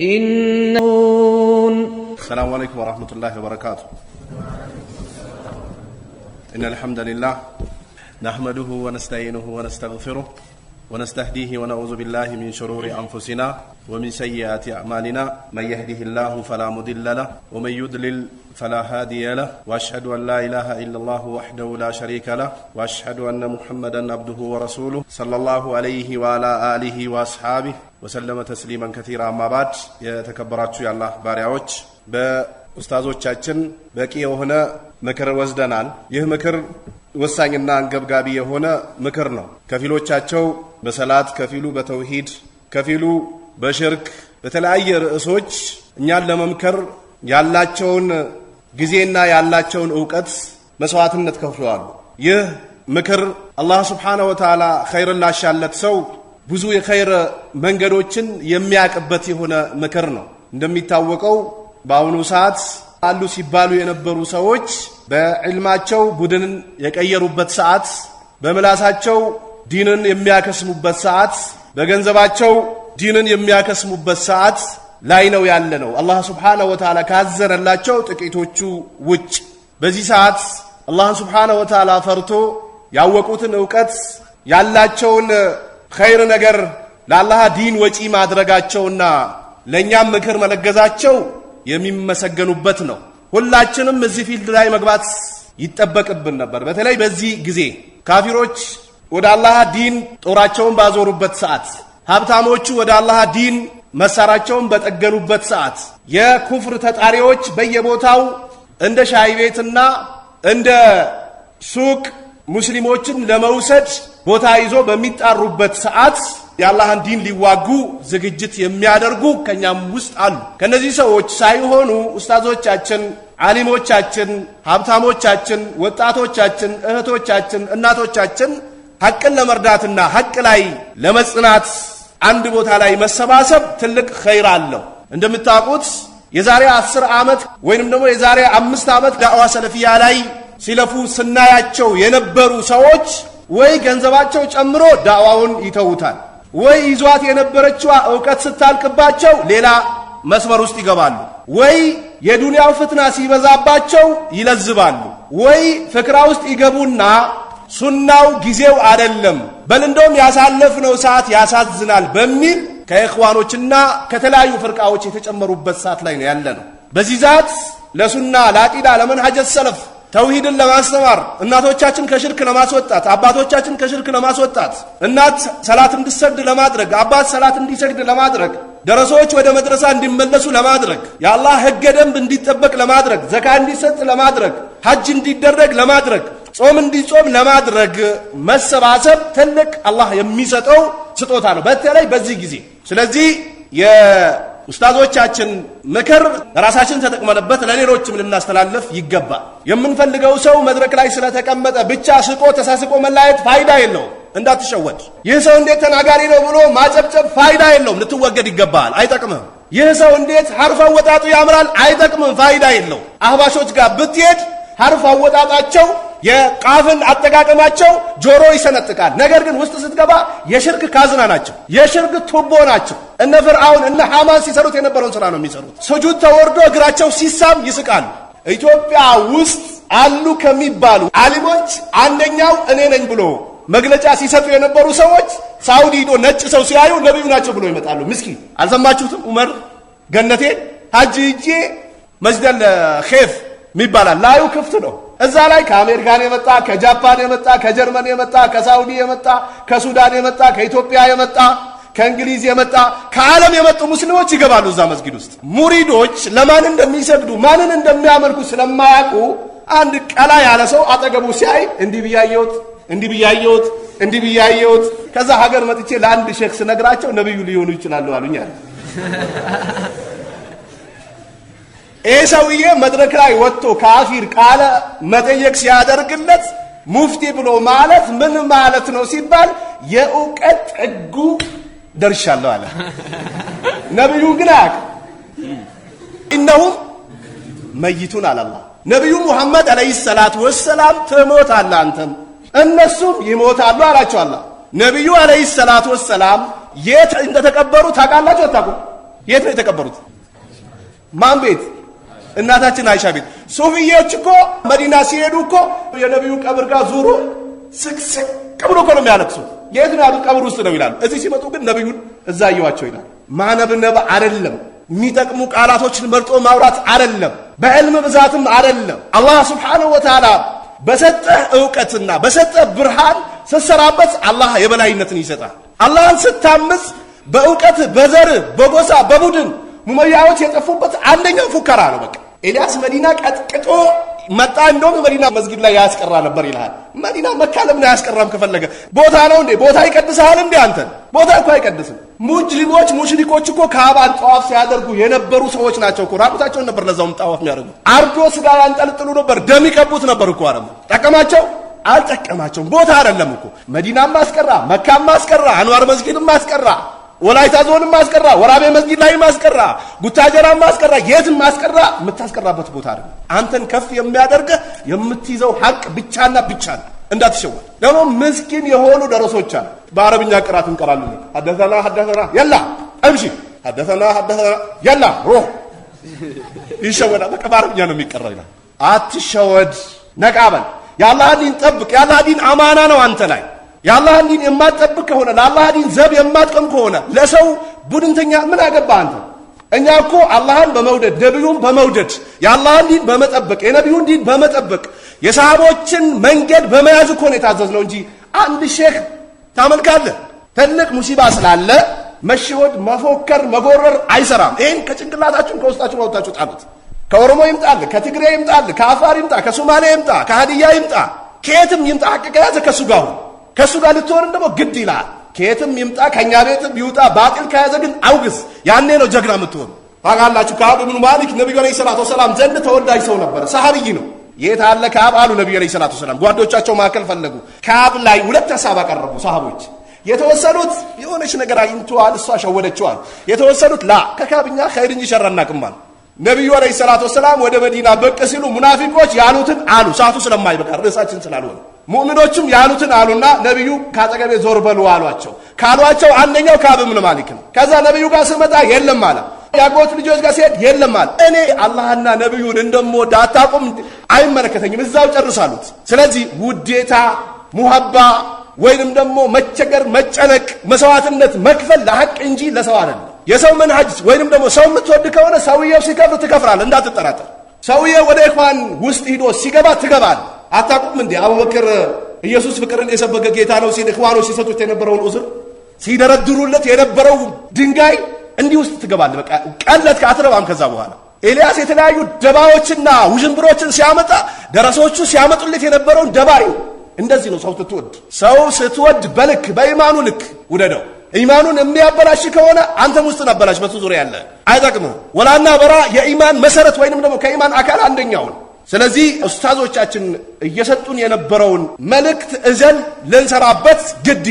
إنه السلام عليكم ورحمة الله وبركاته إن الحمد لله نحمده ونستعينه ونستغفره ونستهديه ونعوذ بالله من شرور أنفسنا ومن سيئات أعمالنا من يهده الله فلا مضل له ومن يضلل فلا هادي له وأشهد أن لا إله إلا الله وحده لا شريك له وأشهد أن محمدا عبده ورسوله صلى الله عليه وعلى آله وأصحابه وسلم تسليما كثيرا ما بعد يا የተከበራችሁ የአላህ ባሪያዎች በኡስታዞቻችን بكي وهنا مكر ወስደናል يه مكر ወሳኝና አንገብጋቢ የሆነ ምክር ነው። ከፊሎቻቸው በሰላት ከፊሉ በተውሂድ ከፊሉ በሽርክ በተለያየ ርዕሶች እኛን ለመምከር ያላቸውን ጊዜና ያላቸውን እውቀት መስዋዕትነት ከፍለዋል። ይህ ምክር አላህ ስብሓነሁ ወተዓላ ኸይር ላሻለት ሰው ብዙ የኸይር መንገዶችን የሚያቅበት የሆነ ምክር ነው። እንደሚታወቀው በአሁኑ ሰዓት አሉ ሲባሉ የነበሩ ሰዎች በዕልማቸው ቡድንን የቀየሩበት ሰዓት፣ በምላሳቸው ዲንን የሚያከስሙበት ሰዓት፣ በገንዘባቸው ዲንን የሚያከስሙበት ሰዓት ላይ ነው ያለ ነው። አላህ ስብሓነሁ ወተዓላ ካዘነላቸው ጥቂቶቹ ውጭ በዚህ ሰዓት አላህን ስብሓነሁ ወተዓላ ፈርቶ ያወቁትን እውቀት ያላቸውን ኸይር ነገር ለአላህ ዲን ወጪ ማድረጋቸውና ለእኛም ምክር መለገዛቸው የሚመሰገኑበት ነው። ሁላችንም እዚህ ፊልድ ላይ መግባት ይጠበቅብን ነበር። በተለይ በዚህ ጊዜ ካፊሮች ወደ አላህ ዲን ጦራቸውን ባዞሩበት ሰዓት፣ ሀብታሞቹ ወደ አላህ ዲን መሳራቸውን በጠገኑበት ሰዓት፣ የኩፍር ተጣሪዎች በየቦታው እንደ ሻይ ቤትና እንደ ሱቅ ሙስሊሞችን ለመውሰድ ቦታ ይዞ በሚጣሩበት ሰዓት የአላህን ዲን ሊዋጉ ዝግጅት የሚያደርጉ ከእኛም ውስጥ አሉ። ከእነዚህ ሰዎች ሳይሆኑ ኡስታዞቻችን፣ አሊሞቻችን፣ ሀብታሞቻችን፣ ወጣቶቻችን፣ እህቶቻችን፣ እናቶቻችን ሐቅን ለመርዳትና ሐቅ ላይ ለመጽናት አንድ ቦታ ላይ መሰባሰብ ትልቅ ኸይር አለው። እንደምታውቁት የዛሬ አስር ዓመት ወይንም ደግሞ የዛሬ አምስት ዓመት ዳዕዋ ሰለፊያ ላይ ሲለፉ ስናያቸው የነበሩ ሰዎች ወይ ገንዘባቸው ጨምሮ ዳዕዋውን ይተውታል ወይ ይዟት የነበረችዋ እውቀት ስታልቅባቸው ሌላ መስመር ውስጥ ይገባሉ፣ ወይ የዱንያው ፍትና ሲበዛባቸው ይለዝባሉ፣ ወይ ፍክራ ውስጥ ይገቡና ሱናው ጊዜው አደለም በል እንደውም ያሳለፍነው ሰዓት ያሳዝናል በሚል ከእኽዋኖችና ከተለያዩ ፍርቃዎች የተጨመሩበት ሰዓት ላይ ነው ያለ ነው። በዚህ ዛት ለሱና ለአቂዳ ለመንሐጀ ሰለፍ ተውሂድን ለማስተማር እናቶቻችን ከሽርክ ለማስወጣት አባቶቻችን ከሽርክ ለማስወጣት እናት ሰላት እንድሰግድ ለማድረግ አባት ሰላት እንዲሰግድ ለማድረግ ደረሶች ወደ መድረሳ እንዲመለሱ ለማድረግ የአላህ ህገ ደንብ እንዲጠበቅ ለማድረግ ዘካ እንዲሰጥ ለማድረግ ሐጅ እንዲደረግ ለማድረግ ጾም እንዲጾም ለማድረግ መሰባሰብ ትልቅ አላህ የሚሰጠው ስጦታ ነው፣ በተለይ በዚህ ጊዜ። ስለዚህ ኡስታዞቻችን ምክር ራሳችን ተጠቅመንበት ለሌሎችም ልናስተላልፍ ይገባል። የምንፈልገው ሰው መድረክ ላይ ስለተቀመጠ ብቻ ስቆ ተሳስቆ መላየት ፋይዳ የለውም። እንዳትሸወድ። ይህ ሰው እንዴት ተናጋሪ ነው ብሎ ማጨብጨብ ፋይዳ የለውም። ልትወገድ ይገባል። አይጠቅምም። ይህ ሰው እንዴት ሐርፍ አወጣጡ ያምራል። አይጠቅምም። ፋይዳ የለው። አህባሾች ጋር ብትሄድ ሐርፍ አወጣጣቸው የቃፍን አጠቃቀማቸው ጆሮ ይሰነጥቃል። ነገር ግን ውስጥ ስትገባ የሽርክ ካዝና ናቸው፣ የሽርክ ቱቦ ናቸው። እነ ፍርአውን እነ ሐማን ሲሰሩት የነበረውን ስራ ነው የሚሰሩት። ስጁድ ተወርዶ እግራቸው ሲሳም ይስቃሉ። ኢትዮጵያ ውስጥ አሉ ከሚባሉ አሊሞች አንደኛው እኔ ነኝ ብሎ መግለጫ ሲሰጡ የነበሩ ሰዎች ሳውዲ ሂዶ ነጭ ሰው ሲያዩ ነቢዩ ናቸው ብሎ ይመጣሉ። ምስኪ አልሰማችሁትም? ዑመር ገነቴ ሀጅ ሂጄ መጅደል አል የሚባላል ላዩ ክፍት ነው እዛ ላይ ከአሜሪካን የመጣ ከጃፓን የመጣ ከጀርመን የመጣ ከሳውዲ የመጣ ከሱዳን የመጣ ከኢትዮጵያ የመጣ ከእንግሊዝ የመጣ ከዓለም የመጡ ሙስሊሞች ይገባሉ እዛ መስጊድ ውስጥ። ሙሪዶች ለማን እንደሚሰግዱ ማንን እንደሚያመልኩ ስለማያውቁ አንድ ቀላ ያለ ሰው አጠገቡ ሲያይ እንዲህ ብያየሁት እንዲህ ብያየሁት እንዲህ ብያየሁት፣ ከዛ ሀገር መጥቼ ለአንድ ሼክ ስነግራቸው ነብዩ ሊሆኑ ይችላሉ አሉኛል። ይህ ሰውዬ መድረክ ላይ ወጥቶ ካፊር ቃለ መጠየቅ ሲያደርግለት ሙፍቲ ብሎ ማለት ምን ማለት ነው ሲባል የእውቀት ጥጉ ደርሻለሁ አለ። ነቢዩ ግን አያውቅ እነሁም መይቱን አላላ ነቢዩ ሙሐመድ አለይሂ ሰላት ወሰላም ትሞታለህ አንተም እነሱም ይሞታሉ አላቸው። አላ ነቢዩ አለይሂ ሰላት ወሰላም የት እንደተቀበሩ ታውቃላችሁ? አታውቁም? የት ነው የተቀበሩት? ማን ቤት? እናታችን አይሻ ቤት ሱፍዬዎች እኮ መዲና ሲሄዱ እኮ የነቢዩ ቀብር ጋር ዙሮ ስቅስቅ ብሎ እኮ ነው የሚያለቅሱት። የት ነው ያሉት? ቀብር ውስጥ ነው ይላሉ። እዚህ ሲመጡ ግን ነቢዩን እዛ አየኋቸው ይላል። ማነብነብ አይደለም የሚጠቅሙ ቃላቶችን መርጦ ማውራት አደለም በዕልም ብዛትም አደለም። አላህ ስብሓንሁ ወተዓላ በሰጠህ እውቀትና በሰጠህ ብርሃን ስትሰራበት አላህ የበላይነትን ይሰጣል። አላህን ስታምፅ በእውቀት በዘር በጎሳ በቡድን ሙመያዎች የጠፉበት አንደኛው ፉከራ ነው በቃ ኤልያስ መዲና ቀጥቅጦ መጣ። እንደውም መዲና መስጊድ ላይ ያስቀራ ነበር ይልሃል። መዲና መካ ለምን አያስቀራም? ከፈለገ ቦታ ነው እንዴ? ቦታ ይቀድስሃል እንዴ? አንተን ቦታ እኮ አይቀድስም። ሙጅሊሞች ሙሽሪኮች እኮ ከአባን ጠዋፍ ሲያደርጉ የነበሩ ሰዎች ናቸው እኮ። ራቁታቸውን ነበር ለዛውም ጠዋፍ የሚያደርጉ አርዶ ስጋ ያንጠልጥሉ ነበር፣ ደም ይቀቡት ነበር እኮ። አረሙ ጠቀማቸው አልጠቀማቸውም። ቦታ አይደለም እኮ መዲናም አስቀራ፣ መካም አስቀራ፣ አንዋር መስጊድም አስቀራ። ወላይታ ዞንም ማስቀራ፣ ወራቤ መስጊድ ላይ ማስቀራ፣ ጉታጀራ ማስቀራ፣ የትም ማስቀራ የምታስቀራበት ቦታ አይደለም። አንተን ከፍ የሚያደርገህ የምትይዘው ሀቅ ብቻና ብቻ ነው። እንዳትሸወድ ደግሞ ምስኪን የሆኑ ደረሶች አሉ። በአረብኛ ቅራት እንቀራለን። ሀደተና ሀደተና የላ እምሺ ሀደተና ሀደተና የላ ሮ ይሸወዳል። በቃ በአረብኛ ነው የሚቀራው ይላል። አትሸወድ፣ ነቃበል። በል። የአላህ ዲን ጠብቅ። የአላህ ዲን አማና ነው አንተ ላይ የአላህን ዲን የማትጠብቅ ከሆነ ለአላህ ዲን ዘብ የማትቆም ከሆነ ለሰው ቡድንተኛ ምን አገባ አንተ? እኛ እኮ አላህን በመውደድ ነቢዩን በመውደድ የአላህን ዲን በመጠበቅ የነቢዩን ዲን በመጠበቅ የሰሃቦችን መንገድ በመያዝ እኮ ነው ነው እንጂ አንድ ሼክ ታመልካለህ። ትልቅ ሙሲባ ስላለ መሸወድ፣ መፎከር፣ መጎረር አይሰራም። ይህን ከጭንቅላታችሁን ከውስጣችሁ አውጥታችሁ ጣሉት። ከኦሮሞ ይምጣል፣ ከትግሬ ይምጣል፣ ከአፋር ይምጣ፣ ከሶማሌ ይምጣ፣ ከሀዲያ ይምጣ፣ ከየትም ይምጣ፣ ሀቅ ከያዘ ከሱ ጋር ከእሱ ጋር ልትሆንም ደግሞ ግድ ይላል። ከየትም ይምጣ ከእኛ ቤትም ይውጣ ባጢል ከያዘ ግን አውግስ። ያኔ ነው ጀግና የምትሆን። ታውቃላችሁ ከአብ ብኑ ማሊክ ነቢዩ ዐለይሂ ሰላቱ ወሰላም ዘንድ ተወዳጅ ሰው ነበረ። ሰሐብይ ነው። የት አለ ከአብ አሉ ነቢዩ ዐለይሂ ሰላቱ ወሰላም። ጓዶቻቸው መካከል ፈለጉ። ከአብ ላይ ሁለት ሀሳብ አቀረቡ ሰሃቦች። የተወሰኑት የሆነች ነገር አግኝተዋል፣ እሷ ሸወደችዋል። የተወሰኑት ላ ከካብኛ ኸይር እንጂ ሸር አናውቅም አሉ። ነቢዩ አለይሂ ሰላቱ ወሰላም ወደ መዲና በቅ ሲሉ ሙናፊቆች ያሉትን አሉ። ሰዓቱ ስለማይበቃ ርዕሳችን ስላልሆነ ሙእሚኖችም ያሉትን አሉና ነቢዩ ካጠገቤ ዞር በሉ አሏቸው። ካሏቸው አንደኛው ከአብ ብን ማሊክ ነው። ከዛ ነቢዩ ጋር ስመጣ የለም አለ። ያጎት ልጆች ጋር ሲሄድ የለም አለ። እኔ አላህና ነቢዩን እንደምወድ አታውቁም፣ አይመለከተኝም። እዛው ጨርሳሉት። ስለዚህ ውዴታ ሙሀባ ወይንም ደግሞ መቸገር፣ መጨነቅ፣ መስዋዕትነት መክፈል ለሐቅ እንጂ ለሰው አይደለም። የሰው መንሃጅ ወይንም ደግሞ ሰው የምትወድ ከሆነ ሰውየው ሲከፍር ትከፍራል፣ እንዳትጠራጠር። ሰውየው ወደ ኢኽዋን ውስጥ ሂዶ ሲገባ ትገባል። አታቁም እንዴ አቡበክር ኢየሱስ ፍቅርን የሰበከ ጌታ ነው ሲል ኢኽዋኖች ሲሰጡት የነበረውን ዑዝር ሲደረድሩለት የነበረው ድንጋይ እንዲህ ውስጥ ትገባል። በቃ ቀለት አትረባም። ከዛ በኋላ ኤልያስ የተለያዩ ደባዎችና ውዥንብሮችን ሲያመጣ ደረሶቹ ሲያመጡለት የነበረውን ደባ እንደዚህ ነው። ሰው ስትወድ ሰው ስትወድ በልክ በኢማኑ ልክ ውደደው። ኢማኑን የሚያበላሽ ከሆነ አንተም ውስጥን አበላሽ። በሱ ዙሪያ ያለ አይጠቅምም። ወላና በራ የኢማን መሰረት ወይንም ደግሞ ከኢማን አካል አንደኛውን። ስለዚህ ኡስታዞቻችን እየሰጡን የነበረውን መልእክት እዘን ልንሰራበት ግድ